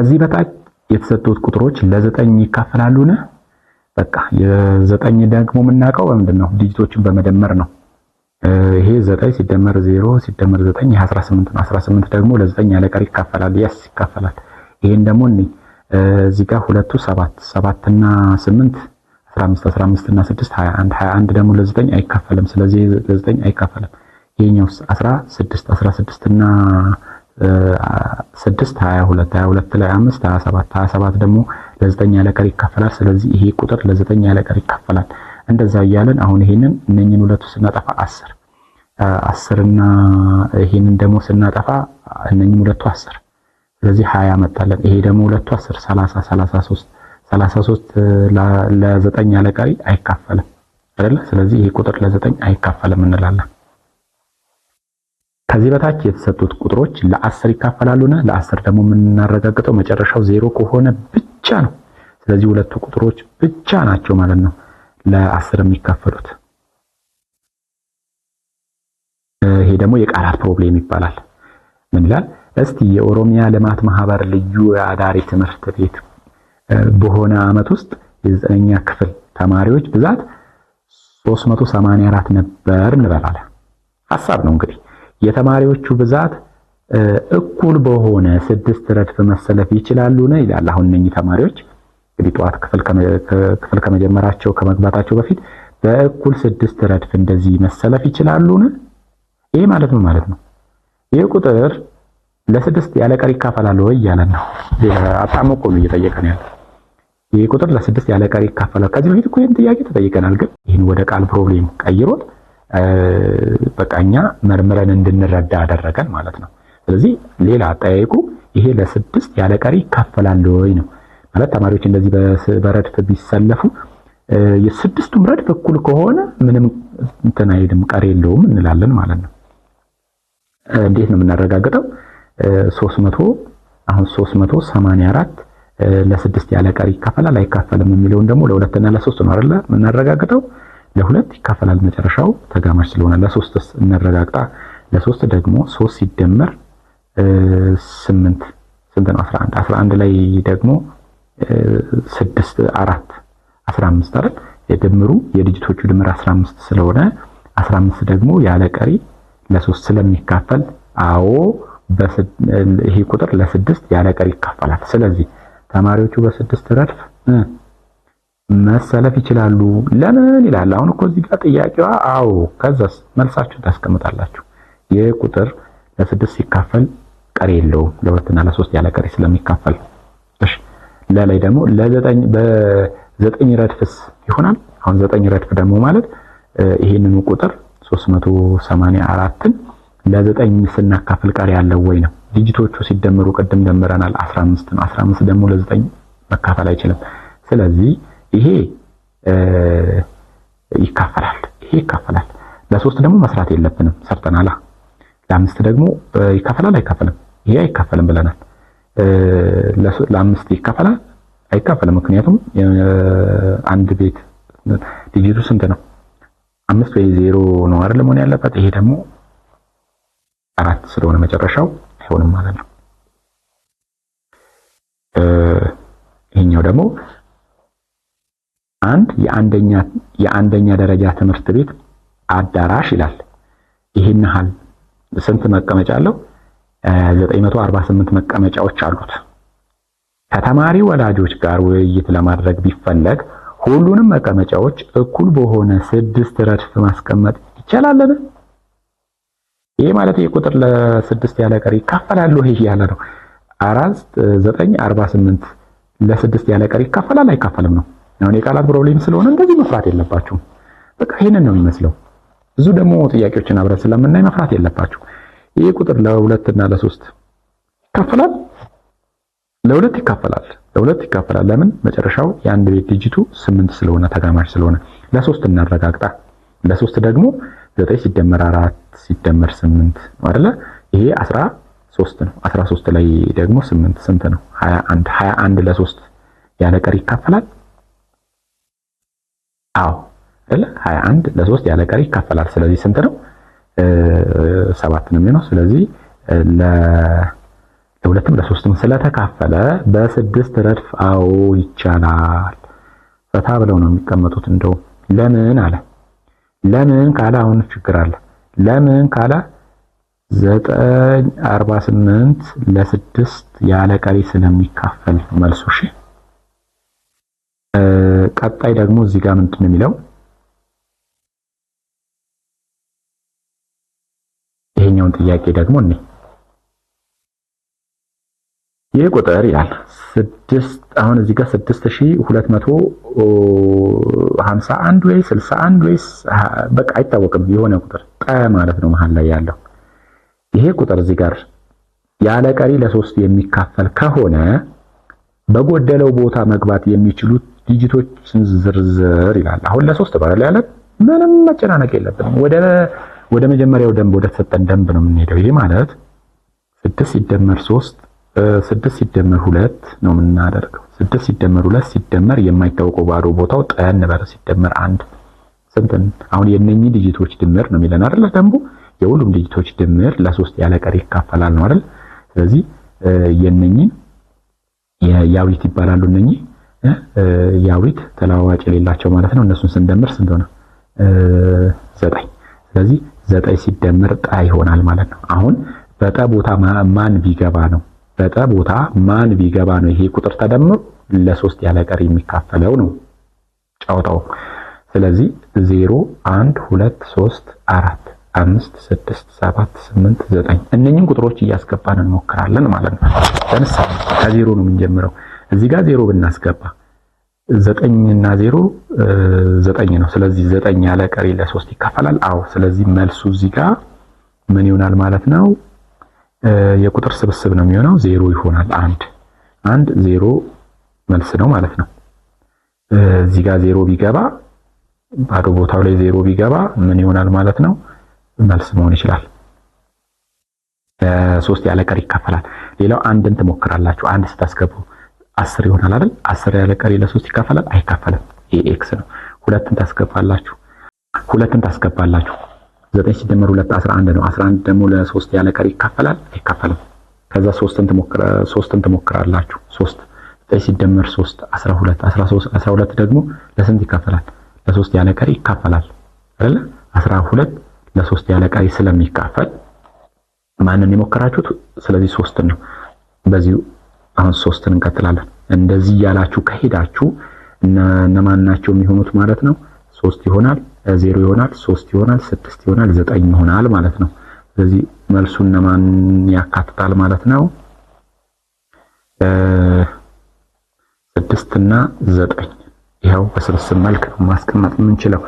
ከዚህ በታች የተሰጡት ቁጥሮች ለዘጠኝ ይካፈላሉን? በቃ የዘጠኝ ደግሞ የምናውቀው በምንድን ነው? ዲጂቶችን በመደመር ነው። ይሄ ዘጠኝ ሲደመር ዜሮ ሲደመር ዘጠኝ ይሄ 18 ነው። 18 ደግሞ ለዘጠኝ ያለቀር ይካፈላል። ያስ ይካፈላል። ይሄን ደግሞ እኔ እዚህ ጋር ሁለቱ ሰባት ሰባት እና ስምንት 15 15 እና 6 21 21 ደግሞ ለዘጠኝ አይካፈልም። ስለዚህ ለዘጠኝ አይካፈልም። ይሄኛውስ 16 16 እና ስድስት ሀያ ሁለት ሀያ ሁለት ላይ አምስት ሀያ ሰባት ሀያ ሰባት ደግሞ ለዘጠኝ ያለቀር ይከፈላል። ስለዚህ ይሄ ቁጥር ለዘጠኝ ያለቀር ይከፈላል። እንደዛ እያለን አሁን ይሄንን እነኝን ሁለቱ ስናጠፋ አስር አስርና ይሄንን ደግሞ ስናጠፋ እነኝን ሁለቱ አስር ስለዚህ ሀያ መጣለን። ይሄ ደግሞ ሁለቱ አስር ሰላሳ ሰላሳ ሶስት ሰላሳ ሶስት ለዘጠኝ ያለቀሪ አይካፈልም አይደለ? ስለዚህ ይሄ ቁጥር ለዘጠኝ አይካፈልም እንላለን። ከዚህ በታች የተሰጡት ቁጥሮች ለአስር ይካፈላሉና ለአስር ደግሞ የምናረጋግጠው መጨረሻው ዜሮ ከሆነ ብቻ ነው። ስለዚህ ሁለቱ ቁጥሮች ብቻ ናቸው ማለት ነው ለአስር የሚካፈሉት። ይሄ ደግሞ የቃላት ፕሮብሌም ይባላል። ምን ይላል? እስቲ የኦሮሚያ ልማት ማህበር ልዩ አዳሪ ትምህርት ቤት በሆነ ዓመት ውስጥ የዘጠነኛ ክፍል ተማሪዎች ብዛት 384 ነበር እንበላለን። ሐሳብ ነው እንግዲህ የተማሪዎቹ ብዛት እኩል በሆነ ስድስት ረድፍ መሰለፍ ይችላሉን ይላል። አሁን እነኚህ ተማሪዎች እንግዲህ ጠዋት ክፍል ከመጀመራቸው ከመግባታቸው በፊት በእኩል ስድስት ረድፍ እንደዚህ መሰለፍ ይችላሉን? ይህ ማለት ነው ማለት ነው ይህ ቁጥር ለስድስት ያለ ቀሪ ይካፈላል ወይ እያለ ነው። አጣሞ እኮ ነው እየጠየቀ ነው ያለው። ይህ ቁጥር ለስድስት ያለ ቀሪ ይካፈላል። ከዚህ በፊት እኮ ይህን ጥያቄ ተጠይቀናል፣ ግን ይህን ወደ ቃል ፕሮብሌም ቀይሮት በቃ እኛ መርምረን እንድንረዳ አደረገን ማለት ነው። ስለዚህ ሌላ አጠያየቁ ይሄ ለስድስት ያለ ቀሪ ይካፈላል ወይ ነው ማለት ተማሪዎች እንደዚህ በረድፍ ቢሰለፉ የስድስቱም ረድፍ እኩል ከሆነ ምንም እንትን አይሄድም ቀሪ የለውም እንላለን ማለት ነው። እንዴት ነው የምናረጋግጠው? 300 አሁን 384 ለስድስት ያለ ቀሪ ይካፈላል አይካፈልም የሚለውን ደግሞ ለሁለትና ለሶስት ነው አይደለ የምናረጋግጠው። ለሁለት ይካፈላል መጨረሻው ተጋማሽ ስለሆነ። ለሶስትስ እንረጋግጣ። ለሶስት ደግሞ ሶስት ሲደመር ስምንት ስንት ነው? አስራ አንድ አስራ አንድ ላይ ደግሞ ስድስት አራት አስራ አምስት አይደል? የድምሩ የድጅቶቹ ድምር አስራ አምስት ስለሆነ አስራ አምስት ደግሞ ያለ ቀሪ ለሶስት ስለሚካፈል አዎ ይሄ ቁጥር ለስድስት ያለ ቀሪ ይካፈላል። ስለዚህ ተማሪዎቹ በስድስት ረድፍ መሰለፍ ይችላሉ። ለምን ይላል። አሁን እኮ እዚህ ጋር ጥያቄዋ አዎ፣ ከዛስ መልሳችሁ ታስቀምጣላችሁ። ይህ ቁጥር ለስድስት ሲካፈል ቀሪ የለውም ለሁለትና ለሶስት ያለ ቀሪ ስለሚካፈል። እሺ ለላይ ደግሞ ለዘጠኝ በዘጠኝ ረድፍስ ይሆናል። አሁን ዘጠኝ ረድፍ ደግሞ ማለት ይሄንኑ ቁጥር 384ን ለዘጠኝ ስናካፍል ቀሪ ያለው ወይ ነው። ዲጂቶቹ ሲደመሩ ቅድም ደምረናል 15 ነው። 15 ደግሞ ለዘጠኝ መካፈል አይችልም። ስለዚህ ይሄ ይካፈላል። ይሄ ይካፈላል። ለሶስት ደግሞ መስራት የለብንም ሰርተናላ። ለአምስት ደግሞ ይካፈላል አይካፈልም? ይሄ አይካፈልም ብለናል። ለአምስት ይካፈላል አይካፈልም? ምክንያቱም አንድ ቤት ዲጂቱ ስንት ነው? አምስት ወይ ዜሮ ነው አይደል መሆን ያለበት። ይሄ ደግሞ አራት ስለሆነ መጨረሻው አይሆንም ማለት ነው። ይሄኛው ደግሞ አንድ የአንደኛ ደረጃ ትምህርት ቤት አዳራሽ ይላል። ይሄን ያህል ስንት መቀመጫ አለው? 948 መቀመጫዎች አሉት። ከተማሪ ወላጆች ጋር ውይይት ለማድረግ ቢፈለግ ሁሉንም መቀመጫዎች እኩል በሆነ ስድስት ረድፍ ማስቀመጥ ይቻላልን? ይሄ ማለት የቁጥር ለስድስት ያለ ቀሪ ይካፈላል ይሄ ያለ ነው። አራት ዘጠኝ አርባ ስምንት ለስድስት ያለ ቀሪ ይካፈላል አይካፈልም ነው። አሁን የቃላት ፕሮብሌም ስለሆነ እንደዚህ መፍራት የለባችሁም። በቃ ይሄንን ነው የሚመስለው። ብዙ ደግሞ ጥያቄዎችን አብረን ስለምናይ መፍራት የለባችሁ። ይሄ ቁጥር ለሁለት እና ለሶስት ይካፈላል፣ ለሁለት ይካፈላል፣ ለሁለት ይካፈላል። ለምን መጨረሻው የአንድ ቤት ዲጂቱ ስምንት ስለሆነ ተጋማሽ ስለሆነ፣ ለሶስት እናረጋግጣ። ለሶስት ደግሞ ዘጠኝ ሲደመር አራት ሲደመር ስምንት ነው አይደለ? ይሄ አስራ ሶስት ነው። አስራ ሶስት ላይ ደግሞ ስምንት ስንት ነው? ሀያ አንድ ሀያ አንድ ለሶስት ያለ ይካፈላል አዎ አይደለ 21 ለሶስት ያለ ቀሪ ይካፈላል። ስለዚህ ስንት ነው? ሰባት ነው የሚሆነው። ስለዚህ ለሁለትም ለሶስትም ስለተካፈለ በስድስት ረድፍ አዎ ይቻላል። ፈታ ብለው ነው የሚቀመጡት። እንደው ለምን አለ ለምን ካለ አሁን ችግር አለ። ለምን ካለ ዘጠኝ 48 ስምንት ለስድስት ያለ ቀሪ ስለሚካፈል መልሱ ቀጣይ ደግሞ እዚህ ጋር ምንድን ነው የሚለው ይሄኛውን ጥያቄ ደግሞ እኔ ይህ ቁጥር ይላል ስድስት አሁን እዚህ ጋር ስድስት ሺህ ሁለት መቶ ሀምሳ አንድ ወይ ስልሳ አንድ ወይስ በቃ አይታወቅም። የሆነ ቁጥር ጠ ማለት ነው መሀል ላይ ያለው ይሄ ቁጥር እዚህ ጋር ያለ ቀሪ ለሶስት የሚካፈል ከሆነ በጎደለው ቦታ መግባት የሚችሉት ዲጂቶችን ዝርዝር ይላል። አሁን ለሶስት ባለ ያለ ምንም መጨናነቅ የለብንም። ወደ ወደ መጀመሪያው ደንብ ወደ ተሰጠን ደንብ ነው የምንሄደው። ይሄ ማለት ስድስት ሲደመር ሶስት ስድስት ሲደመር ሁለት ነው የምናደርገው። ስድስት ሲደመር ሁለት ሲደመር የማይታወቀው ባዶ ቦታው ጠን በር ሲደመር አንድ ስንትን አሁን የነኚህ ዲጂቶች ድምር ነው የሚለን አይደል? ደንቡ የሁሉም ዲጂቶች ድምር ለሶስት ያለ ቀሪ ይካፈላል ነው አይደል? ስለዚህ የነኚህን ያዊት ይባላሉ እነኚህ ያዊት ተለዋዋጭ የሌላቸው ማለት ነው። እነሱን ስንደምር ስንት ሆነ? ዘጠኝ። ስለዚህ ዘጠኝ ሲደመር ጣ ይሆናል ማለት ነው። አሁን በጠ ቦታ ማን ቢገባ ነው? በጠ ቦታ ማን ቢገባ ነው? ይሄ ቁጥር ተደምሮ ለሶስት ያለ ቀር የሚካፈለው ነው ጨዋታው። ስለዚህ ዜሮ፣ አንድ፣ ሁለት፣ ሶስት፣ አራት፣ አምስት፣ ስድስት፣ ሰባት፣ ስምንት፣ ዘጠኝ እነኝን ቁጥሮች እያስገባን እንሞክራለን ማለት ነው። ለምሳሌ ከዜሮ ነው የምንጀምረው እዚህ ጋር ዜሮ ብናስገባ ዘጠኝ እና ዜሮ ዘጠኝ ነው። ስለዚህ ዘጠኝ ያለ ቀሪ ለሶስት ይከፈላል አዎ። ስለዚህ መልሱ እዚህ ጋር ምን ይሆናል ማለት ነው? የቁጥር ስብስብ ነው የሚሆነው። ዜሮ ይሆናል። አንድ አንድ ዜሮ መልስ ነው ማለት ነው። እዚህ ጋር ዜሮ ቢገባ ባዶ ቦታው ላይ ዜሮ ቢገባ ምን ይሆናል ማለት ነው? መልስ መሆን ይችላል። ሶስት ያለ ቀሪ ይከፈላል። ሌላው አንድን ትሞክራላችሁ። አንድ ስታስገቡ አስር ይሆናል አይደል? አስር ያለ ቀሪ ለሶስት ይካፈላል አይካፈልም? ይሄ ኤክስ ነው። ሁለትን ታስገባላችሁ ሁለትን ታስገባላችሁ ዘጠኝ ሲደመር ሁለት አስራ አንድ ነው። አስራ አንድ ደግሞ ለሶስት ያለ ቀሪ ይካፈላል አይካፈልም? ከዛ ሶስትን ትሞክራላችሁ ሶስት ዘጠኝ ሲደመር ሶስት አስራ ሁለት አስራ ሁለት ደግሞ ለስንት ይካፈላል? ለሶስት ያለ ቀሪ ይካፈላል አይደል? አስራ ሁለት ለሶስት ያለ ቀሪ ስለሚካፈል ማንን የሞከራችሁት? ስለዚህ ሶስትን ነው በዚሁ አሁን ሶስትን እንቀጥላለን። እንደዚህ እያላችሁ ከሄዳችሁ እነማን ናቸው የሚሆኑት ማለት ነው? ሶስት ይሆናል፣ ዜሮ ይሆናል፣ ሶስት ይሆናል፣ ስድስት ይሆናል፣ ዘጠኝ ይሆናል ማለት ነው። ስለዚህ መልሱ እነማን ያካትታል ማለት ነው? ስድስት እና ዘጠኝ ይኸው በስብስብ መልክ ማስቀመጥ የምንችለው